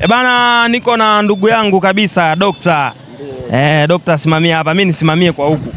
Ebana, eh, niko na ndugu yangu kabisa dokta. Eh, dokta simamia hapa, mimi nisimamie kwa huku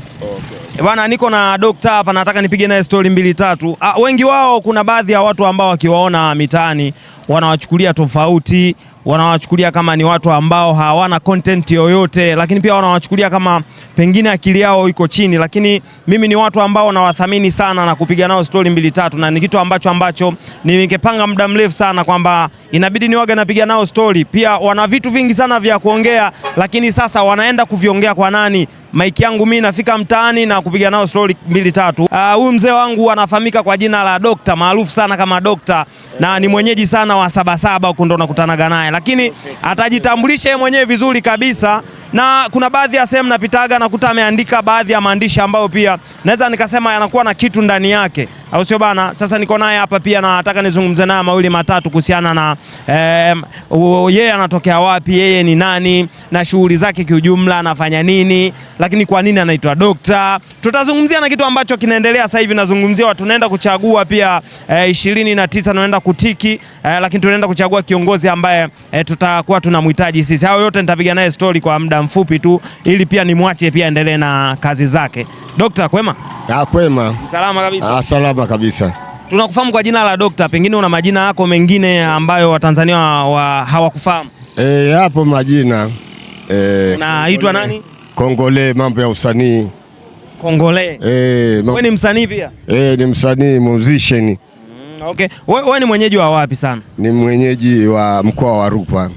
Eh, Bwana, niko na dokta hapa, nataka nipige naye stori mbili tatu. A, ah, wengi wao kuna baadhi ya watu ambao wakiwaona mitaani wanawachukulia tofauti, wanawachukulia kama ni watu ambao hawana content yoyote, lakini pia wanawachukulia kama pengine akili yao iko chini, lakini mimi ni watu ambao nawathamini sana na kupiga nao stori mbili tatu, na ni kitu ambacho ambacho ningepanga muda mrefu sana kwamba inabidi niwage napiga nao stori. Pia wana vitu vingi sana vya kuongea, lakini sasa wanaenda kuviongea kwa nani? maiki yangu mimi nafika mtaani na kupiga nao stori mbili tatu. Ah, huyu mzee wangu anafahamika kwa jina la Dokta, maarufu sana kama Dokta na ni mwenyeji sana wa Sabasaba huko, ndo nakutanaga naye, lakini atajitambulisha yeye mwenyewe vizuri kabisa. Na kuna baadhi ya sehemu napitaga nakuta ameandika baadhi ya maandishi ambayo pia naweza nikasema yanakuwa na kitu ndani yake, au sio bana? Sasa niko naye hapa pia na nataka nizungumze naye mawili matatu kuhusiana na yeye eh, anatokea wapi, yeye ni nani na shughuli zake kiujumla, anafanya nini, lakini kwa nini anaitwa dokta. Tutazungumzia na kitu ambacho kinaendelea sasa hivi, nazungumzia watu naenda kuchagua pia eh, 29 naenda kutiki eh, lakini tunaenda kuchagua kiongozi ambaye eh, tutakuwa tunamhitaji sisi. Hayo yote nitapiga naye story kwa muda mfupi tu, ili pia nimwache pia endelee na kazi zake. Dokta, kwema? Ah, kwema. Salama kabisa. Ah, salama kabisa. Tunakufahamu kwa jina la Dokta, pengine una majina yako mengine ambayo Watanzania wa, wa, hawakufahamu? Eh, hapo majina eh, unaitwa nani? Kongole, mambo ya usanii Kongole. Eh, ni msanii pia? Eh, ni msanii musician. Okay. Wewe ni mwenyeji wa wapi sana? Ni mwenyeji wa mkoa wa Rukwa.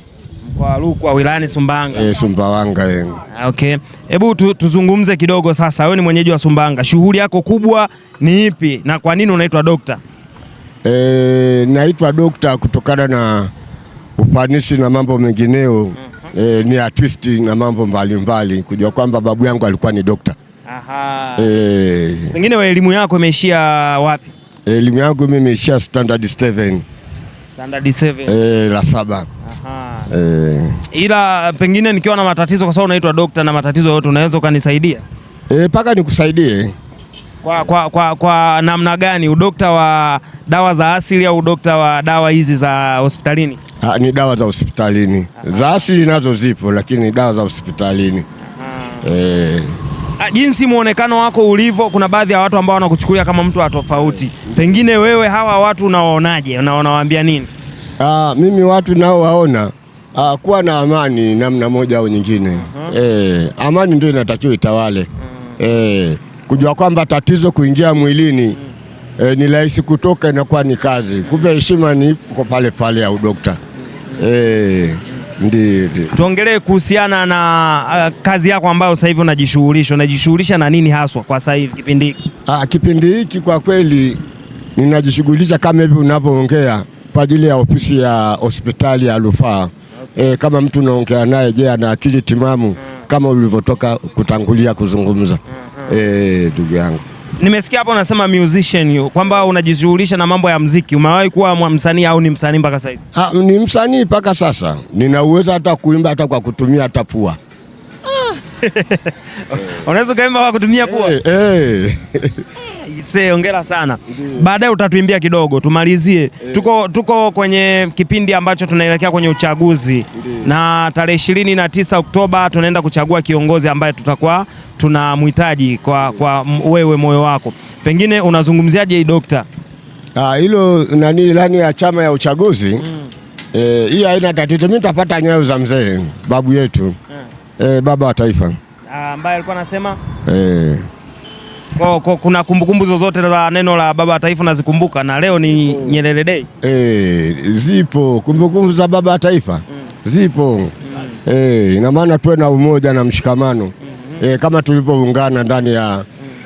Mkoa wa Rukwa wilayani Sumbawanga. Eh, Sumbawanga eh. Okay. Hebu tu, tuzungumze kidogo sasa. Wewe ni mwenyeji wa Sumbawanga. Shughuli yako kubwa ni ipi na kwa nini unaitwa dokta? Eh, naitwa dokta kutokana na ufanisi na mambo mengineo. mm -hmm. E, ni artisti na mambo mbalimbali kujua kwamba babu yangu alikuwa ni dokta. Aha. Eh. Pengine elimu yako imeishia wapi? Eh, elimu yangu mimi ishia standard 7. Standard 7. Eh, la saba. Aha. Eh. Ila pengine nikiwa na matatizo kwa sababu unaitwa dokta na matatizo yote unaweza ukanisaidia? Eh, paka nikusaidie. Kwa, kwa, kwa, kwa namna gani? Udokta wa dawa za asili au udokta wa dawa hizi za hospitalini? Ha, ni dawa za hospitalini. Aha. Za asili nazo zipo lakini dawa za hospitalini. Aha. Eh. Ah, jinsi muonekano wako ulivyo, kuna baadhi ya watu ambao wanakuchukulia kama mtu wa tofauti. Pengine wewe hawa watu unawaonaje na unawaambia nini? Aa, ah, mimi watu naowaona ah, kuwa na amani namna moja au nyingine. uh -huh. E, eh, amani ndio inatakiwa itawale. uh -huh. E, eh, kujua kwamba tatizo kuingia mwilini uh eh, -huh. E, ni rahisi kutoka, inakuwa ni kazi. Kumbe heshima ni iko pale pale ya udokta. uh -huh. E, Ndiyo, ndiyo. Tuongelee kuhusiana na uh, kazi yako ambayo sasa hivi unajishughulisha unajishughulisha na nini haswa kwa sasa hivi kipindi hiki? Ah, kipindi hiki kwa kweli ninajishughulisha kama hivi unavyoongea kwa ajili ya ofisi ya hospitali ya rufaa okay. E, kama mtu unaongea naye, je, ana akili timamu? yeah. Hmm. kama ulivyotoka kutangulia kuzungumza hmm, hmm. Eh, ndugu hmm. yeah. E, yangu Nimesikia hapo unasema musician you kwamba unajishughulisha na mambo ya mziki. Umewahi kuwa msanii au ni msanii mpaka sasa hivi? ni msanii mpaka sasa. Ninauweza hata kuimba hata kwa kutumia hata pua. Unaweza ukaimba kwa kutumia pua? Eh. eh. Isee, hongera sana. Baadaye utatuimbia kidogo tumalizie. Tuko, tuko kwenye kipindi ambacho tunaelekea kwenye uchaguzi na tarehe ishirini na tisa Oktoba tunaenda kuchagua kiongozi ambaye tutakuwa tunamhitaji kwa, kwa wewe moyo wako, pengine unazungumziaje hii dokta? Ah, hilo nani ilani ya chama ya uchaguzi mm. E, hii haina tatizo, mimi nitapata nyayo za mzee babu yetu yeah. Hmm. E, baba wa taifa ah, ambaye alikuwa anasema e. Kwa, kwa, kuna kumbukumbu zozote za neno la baba wa taifa nazikumbuka, na leo ni oh, Nyerere Day eh, zipo kumbukumbu za baba wa taifa mm, zipo mm. Eh, ina maana tuwe na umoja na mshikamano mm -hmm. E, kama tulivyoungana ndani ya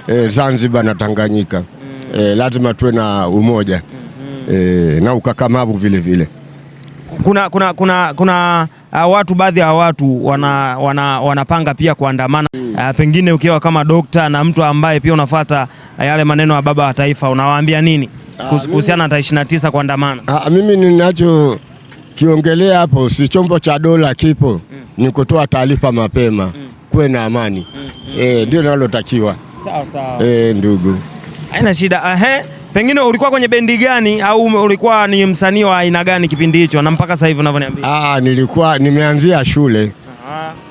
mm. e, Zanzibar na Tanganyika mm. E, lazima tuwe na umoja mm -hmm. E, na ukakamavu vile vile kuna, kuna, kuna, kuna Ah, watu baadhi ya watu wana, wana, wanapanga pia kuandamana mm. Uh, pengine ukiwa kama dokta na mtu ambaye pia unafuata yale maneno ya baba wa taifa unawaambia nini ah, kuhusiana na tarehe 29 kuandamana? Ah, mimi ninacho kiongelea hapo si chombo cha dola kipo mm. ni kutoa taarifa mapema mm. kuwe na amani mm. Eh, ndio linalotakiwa. Sawa sawa. Eh, ndugu, haina shida. Ahe. Pengine ulikuwa kwenye bendi gani au ulikuwa ni msanii wa aina gani kipindi hicho na mpaka sasa hivi unavyoniambia? Ah, nilikuwa nimeanzia shule.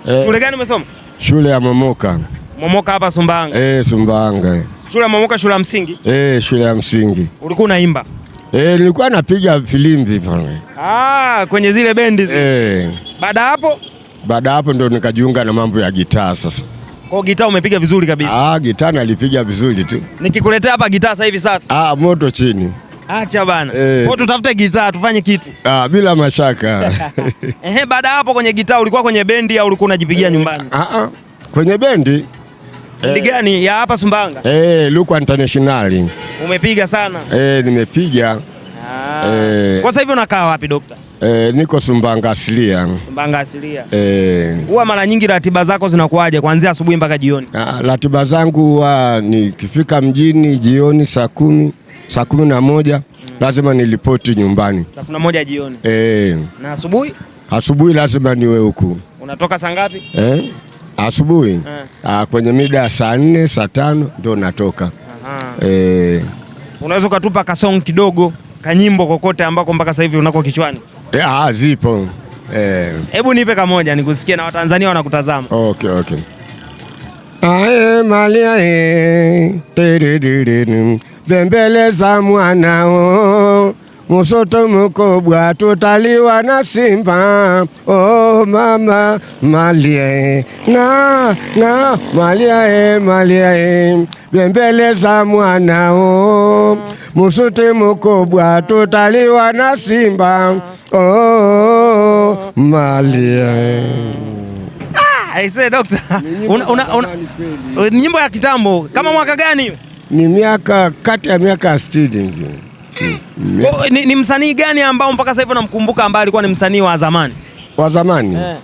Eh, shule gani umesoma? Shule ya Momoka. Momoka hapa Sumbanga. Eh, Sumbanga. Shule ya Momoka shule ya msingi? Eh, shule ya msingi. Ulikuwa unaimba? Eh, nilikuwa napiga filimbi pale. Ah, kwenye zile bendi zile. Eh. Baada hapo? Baada hapo ndo nikajiunga na mambo ya gitaa sasa. Kwa gitaa umepiga vizuri kabisa. Ah, gitaa nalipiga vizuri tu. Nikikuletea hapa gitaa sasa hivi safi. Ah, moto chini. Acha bana. Eh. Kwa tutafute gitaa tufanye kitu. Ah, bila mashaka. Ehe, baada hapo kwenye gitaa ulikuwa kwenye bendi au ulikuwa unajipigia eh, nyumbani? Ah ah. Kwenye bendi? Bendi eh. gani ya hapa Sumbawanga? Eh, Luka International. Umepiga sana? Eh, nimepiga. Ah. Eh. Kwa sasa hivi unakaa wapi, Dokta? E, niko Sumbanga asilia. Sumbanga asilia. E, huwa mara nyingi ratiba zako zinakuwaje kuanzia asubuhi mpaka jioni? Ah, ratiba zangu huwa nikifika mjini jioni saa kumi saa kumi na moja mm, lazima nilipoti nyumbani saa kumi na moja jioni. E, na asubuhi asubuhi lazima niwe huku. Unatoka saa ngapi? E, asubuhi ah, kwenye mida ya saa nne saa tano ndo natoka. E, unaweza ukatupa kasong kidogo kanyimbo kokote ambako mpaka sasa hivi unako kichwani? Ya, zipo. Hebu eh, nipe kamoja nikusikie na Watanzania wanakutazama. Okay, okay. Ae Malia, e, bembeleza mwanao Musoto mkubwa tutaliwa na simba. Oh mama maliae na na maliae maliae bembeleza mwanao. Oh. Musuti mkubwa tutaliwa na simba. Oh malie aise. Ah, Dokta, nyimbo ya kitambo kama mwaka gani? Ni miaka kati ya miaka sitini Mm. Ni, ni msanii gani ambao mpaka sasa hivi unamkumbuka ambaye alikuwa ni msanii wa zamani wa zamani eh?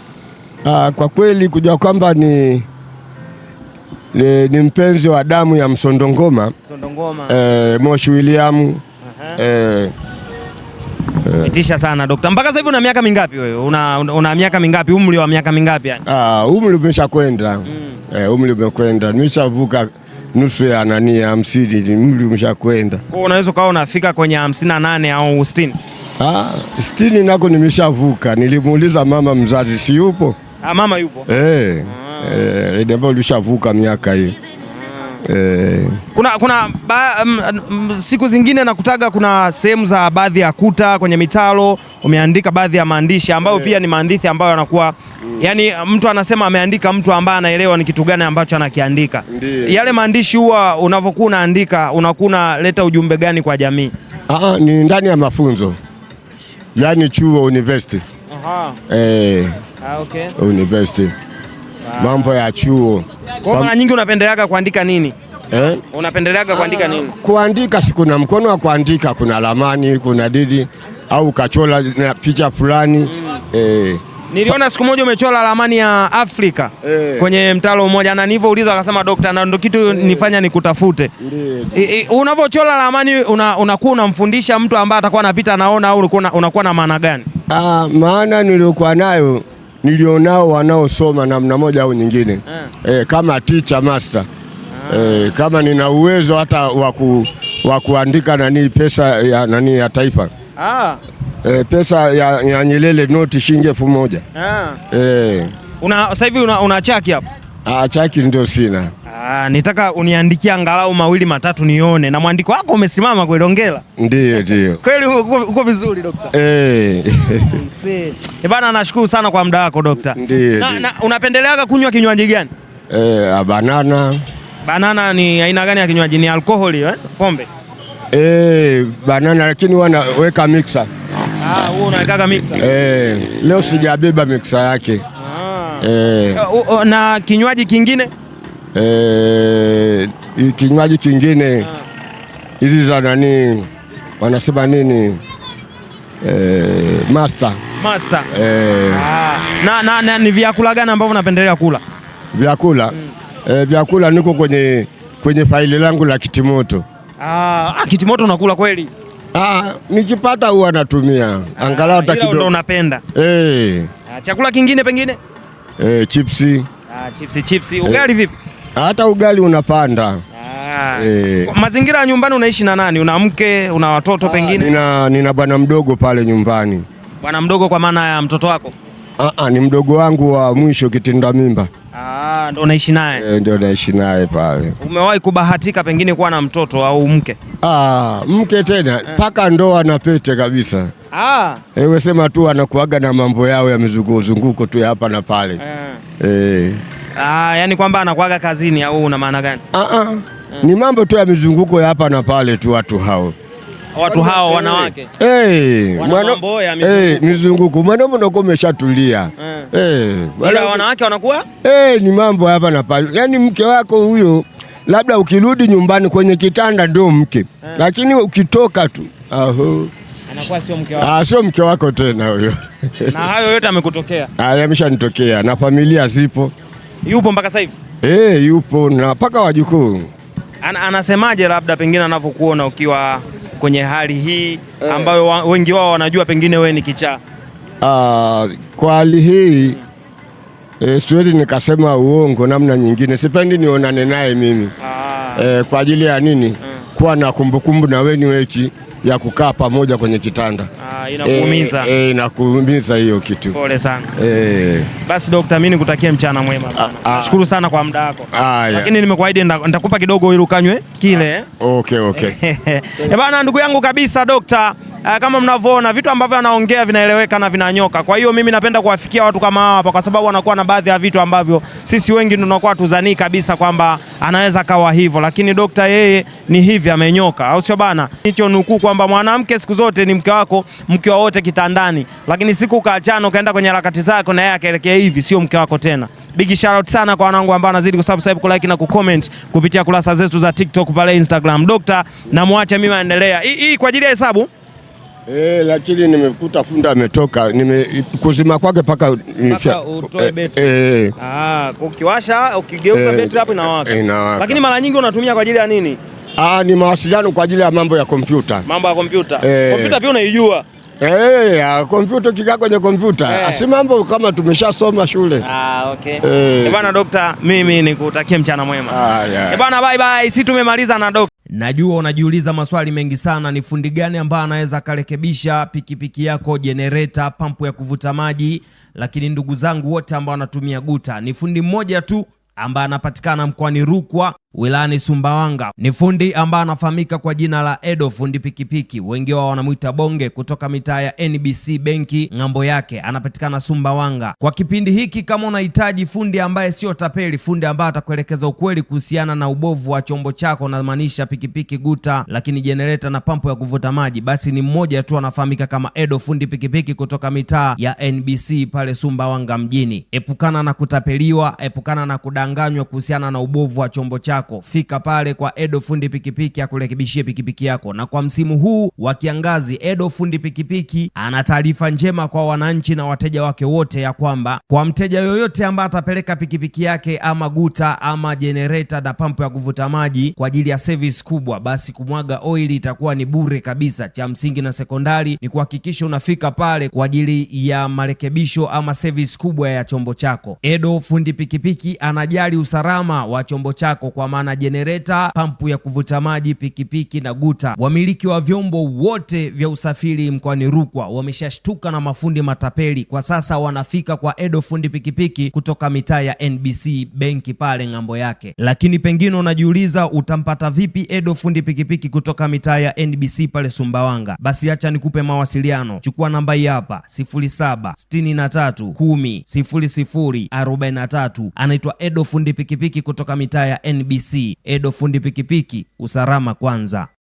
Aa, ah, kwa kweli kujua kwamba ni, ni, ni mpenzi wa damu ya Msondongoma, Msondongoma. Eh, Moshi William eh, Itisha sana dokta. Mpaka sasa hivi una miaka mingapi wewe? Una, una, una miaka mingapi? Umri wa miaka mingapi yani? Ah, umri umeshakwenda. Mm. Eh, umri umekwenda. Nimeshavuka nusu ya nani ya hamsini, mli umeshakwenda. Kwa unaweza ukawa unafika kwenye hamsini na nane au sitini. Ah, sitini nako nimeshavuka. Nilimuuliza mama mzazi si yupo? Ah, mama yupo. Eh. Ah. Hey, eh, ambayo ulishavuka miaka hiyo. E. Kuna, kuna ba, m, m, siku zingine nakutaga kuna sehemu za baadhi ya kuta kwenye mitalo umeandika baadhi ya maandishi ambayo e, pia ni maandishi ambayo yanakuwa mm, yani mtu anasema ameandika mtu ambaye anaelewa ni kitu gani ambacho anakiandika. Ndiye. Yale maandishi huwa unavyokuwa unaandika unakuwa unaleta ujumbe gani kwa jamii? Aha, ah, ni ndani ya mafunzo yani chuo university. Aha. E, ah, okay. University mambo ya chuo. Kwa mara nyingi unapendeleaga kuandika nini? Eh? Unapendeleaga kuandika nini? Kuandika sikuna mkono wa kuandika, kuna ramani, kuna didi au ukachola na picha fulani mm. Eh. Niliona siku moja umechola ramani ya Afrika eh, kwenye mtalo mmoja na uliza akasema dokta, na ndo kitu eh, nifanya nikutafute. Eh, unavyochola ramani unakuwa unamfundisha mtu ambaye atakuwa anapita anaona au unakuwa na maana gani? Ah, maana niliokuwa nayo nilionao wanaosoma namna moja au nyingine eh. E, kama teacher master yeah. E, eh, kama nina uwezo hata wa kuandika nani pesa ya nani ya taifa ah. E, pesa ya, ya Nyerere noti shilingi elfu moja yeah. E. Una, sasa hivi una, una chaki hapo? Ah, chaki ndio sina. Ah, nitaka uniandikie angalau mawili matatu nione, na mwandiko wako umesimama kweli. Hongera. Ndio, ndio. Kweli uko vizuri dokta. Eh. eh. Bana, nashukuru sana kwa muda wako dokta. Na, na unapendeleaga kunywa kinywaji gani? Eh, banana. Banana ni aina gani ya kinywaji? Ni alkoholi eh? Pombe? Eh, banana lakini wanaweka mixer. Ah, huo unaweka mixer. Eh, leo sijabeba mixer yake. Ah. Eh. eh na kinywaji kingine eh, kinywaji kingine hizi za nani wanasema nini eh, master master Eh, ah. na, na, na, ni vyakula gani ambavyo unapendelea kula vyakula mm. eh, vyakula niko kwenye, kwenye faili langu la kitimoto. Ah, ah kitimoto unakula kweli? Ah, nikipata huwa natumia ah, angalau hata kidogo. Ndio unapenda. Eh. Chakula kingine pengine? Eh, chipsi. Ah, chipsi chipsi. Ugali eh. vipi? hata ugali unapanda. Ah. Eh. Mazingira ya nyumbani unaishi na nani? Una mke, una watoto? Ah, pengine nina, nina bwana mdogo pale nyumbani. Bwana mdogo kwa maana ya mtoto wako? Ah, ah ni mdogo wangu wa mwisho kitinda mimba. Ah, ndo naishi naye. E, ndio naishi naye pale. Umewahi kubahatika pengine kuwa na mtoto au mke? Aa, mke tena mpaka eh. ndoa na pete kabisa. Ah. Eh, Ewe sema tu anakuaga na mambo yao ya mizunguko tu hapa na pale. E. Ah, yani kwamba anakuaga kazini au una maana gani? Ah ah. Ni mambo tu ya mizunguko ya hapa na pale tu watu hao. Watu hao wanawake. Eh, eh, mizunguko. Mwanaume unakuwa umeshatulia. Eh. eh Ila wanawake wanakuwa? Eh, ni mambo hapa na pale. Yaani mke wako huyo labda ukirudi nyumbani kwenye kitanda ndio mke. Eh. Lakini ukitoka tu. Aho. Anakuwa sio mke wako. Ah, sio mke wako tena huyo. Na hayo yote amekutokea. Ah, yameshanitokea na familia zipo. Yupo mpaka sasa hivi? Eh, yupo na mpaka wajukuu. Ana, anasemaje labda pengine anavyokuona ukiwa kwenye hali hii ambayo wengi wao wanajua pengine wewe ni kichaa? Uh, kwa hali hii e, siwezi nikasema uongo namna nyingine, sipendi nionane naye mimi e, kwa ajili ya nini? Ah. Kuwa na kumbukumbu na weni weki ya kukaa pamoja kwenye kitanda. ah. Eh, inakuumiza e, e, inakuumiza hiyo kitu. Pole sana e. Basi dokta, mimi nikutakie mchana mwema bwana. Ah, ah. Nashukuru sana kwa muda wako, ah, lakini nimekuahidi nitakupa kidogo ili ukanywe kile. Okay, okay. E bana, ndugu yangu kabisa dokta kama mnavyoona vitu ambavyo anaongea vinaeleweka na vinanyoka. Kwa hiyo mimi napenda kuwafikia watu kama hawa hapa, kwa sababu wanakuwa na baadhi ya vitu ambavyo sisi wengi tunakuwa tuzanii kabisa kwamba anaweza kawa hivyo, lakini dokta yeye ni hivi amenyoka, au sio bana? Nicho nukuu kwamba mwanamke siku zote ni mke wako mkiwa wote kitandani, lakini siku ukaachana ukaenda kwenye harakati zako na yeye akaelekea hivi, sio mke wako tena. Big shout out sana kwa wanangu ambao wanazidi kusubscribe, ku like na ku comment kupitia kurasa zetu za TikTok pale Instagram. Dokta, namwacha mimi aendelea. Hii kwa ajili ya hesabu E, lakini nimekuta funda ametoka nime kuzima kwake paka mpaka eh, eh. Ah, ukiwasha ukigeuza betri hapo inawaka. Lakini mara nyingi unatumia kwa ajili ya nini? Ah, ni mawasiliano kwa ajili ya mambo ya kompyuta. Mambo ya kompyuta. Kompyuta pia unaijua. Eh, kompyuta kikaa kwenye kompyuta eh. si mambo kama tumeshasoma shule. Ah, okay. Eh. eh bwana dokta, mimi nikutakie mchana mwema. Ah, yeah. bye bye, si tumemaliza na dokta. Najua unajiuliza maswali mengi sana, ni fundi gani ambaye anaweza akarekebisha pikipiki yako, jenereta, pampu ya kuvuta maji, lakini ndugu zangu wote ambao wanatumia guta ni fundi mmoja tu ambaye anapatikana mkoani Rukwa wilayani Sumbawanga. Ni fundi ambaye anafahamika kwa jina la Edo fundi pikipiki, wengi wao wanamwita Bonge, kutoka mitaa ya NBC benki ng'ambo yake, anapatikana Sumbawanga. Kwa kipindi hiki, kama unahitaji fundi ambaye sio tapeli, fundi ambaye atakuelekeza ukweli kuhusiana na ubovu wa chombo chako, namaanisha pikipiki, guta, lakini jenereta na pampu ya kuvuta maji, basi ni mmoja tu anafahamika kama Edo fundi pikipiki kutoka mitaa ya NBC pale Sumbawanga mjini. Epukana na kutapeliwa, epukana na kuda umedanganywa kuhusiana na ubovu wa chombo chako, fika pale kwa Edo fundi pikipiki akurekebishie pikipiki yako. Na kwa msimu huu wa kiangazi, Edo fundi pikipiki ana taarifa njema kwa wananchi na wateja wake wote, ya kwamba kwa mteja yoyote ambaye atapeleka pikipiki yake ama guta ama jenereta na pampu ya kuvuta maji kwa ajili ya service kubwa, basi kumwaga oili itakuwa ni bure kabisa. Cha msingi na sekondari ni kuhakikisha unafika pale kwa ajili ya marekebisho ama service kubwa ya chombo chako. Edo fundi pikipiki ana unajali usalama wa chombo chako, kwa maana jenereta, pampu ya kuvuta maji, pikipiki na guta. Wamiliki wa vyombo wote vya usafiri mkoani Rukwa wameshashtuka na mafundi matapeli. Kwa sasa wanafika kwa Edo fundi pikipiki kutoka mitaa ya NBC benki pale ng'ambo yake. Lakini pengine unajiuliza utampata vipi Edo fundi pikipiki kutoka mitaa ya NBC pale Sumbawanga? Basi acha nikupe mawasiliano, chukua namba hii hapa 43. anaitwa Edo Edo fundi pikipiki kutoka mitaa ya NBC. Edo fundi pikipiki, usalama kwanza.